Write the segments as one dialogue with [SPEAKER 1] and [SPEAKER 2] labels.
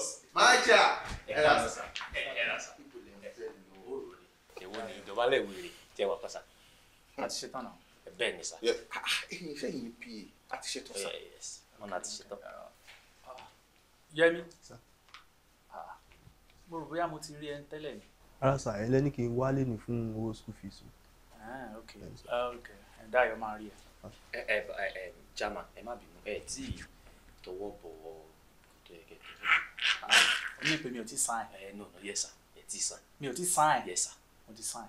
[SPEAKER 1] course. májà ẹ ra sa ẹ ra sa èwo ni ìjọba lẹ́wọ̀ èrè tí ẹ wá pàṣà. a ti ṣetán náà. bẹ́ẹ̀ ni sà. Ah, ah, ẹyin iṣẹ́ yìí ni pa a ti ṣetán sà. Eh, wọn náà ti ṣetán. Yẹmi ah. mo rò bóyá mo ti rí ẹni tẹ́lẹ̀ ni. ara sà ẹ lẹ́ni kí n wálé ni fún owó school fees. Dayọ̀ máa rí ẹ. ẹ ẹ ẹ German ẹ má bínú ẹ tí tọwọ́ bọ̀ ọ́ mi pe mi ò ti sign. ẹ no no yes sir ẹ ti sign. mi ò ti sign. yes sir mo ti sign.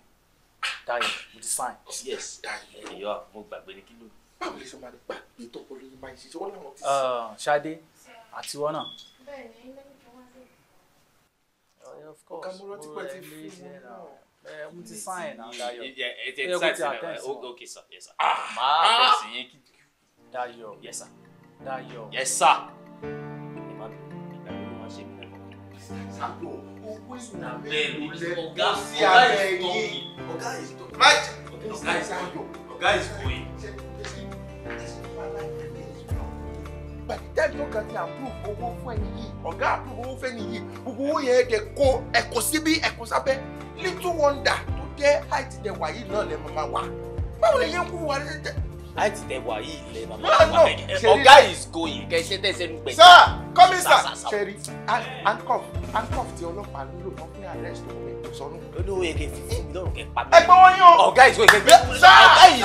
[SPEAKER 1] Dayo mo ti sign. yes ẹ yọ mo gbàgbé ni kí ló. báwo lè ṣe máa gbà pé tọpọ lórí máa ṣiṣẹ́ wọn làwọn ti sign. Uh, Ṣadé àti wọn náà. of course mo rẹ mi ṣe sign na yes sir maa yes sir yes sir. Ah! Ah! sago owó ìsúná mẹ́rin ọ̀gá ọ̀gá ìtọ́kì ọ̀gá ìtọ́kì ọ̀gá ìtọ́kì ọ̀gá ìtọ́kì. pẹ̀lú tẹ́lifíṣàn kan ti approve owó fún ẹni yìí ọ̀gá approve owó fún ẹni yìí gbogbo owó yẹn dẹ̀ kó ẹ̀kọ́ síbí ẹ̀kọ́ sábẹ́ little wonder tó jẹ́ height dẹ̀ wáyé náà lẹ́ mọ̀ máa wá báwo lè yẹ kó wà lẹ́sẹ̀ tẹ́ láti tẹ wà yìí ilẹ̀ bàbá wa is going kẹsẹ̀ tẹ̀sẹ̀ ń gbẹ̀. sir kọ́mísà sẹ́rí handcuff handcuff ti ọlọ́pàá nílò wọ́n arrest òun ètò sọ́nù. olówó yẹ kẹ́ fún mi lọ́rùn kẹ́ pa ẹgbẹ́ wọn yóò. ọ̀gá is going kẹ́ gbé. sir yìí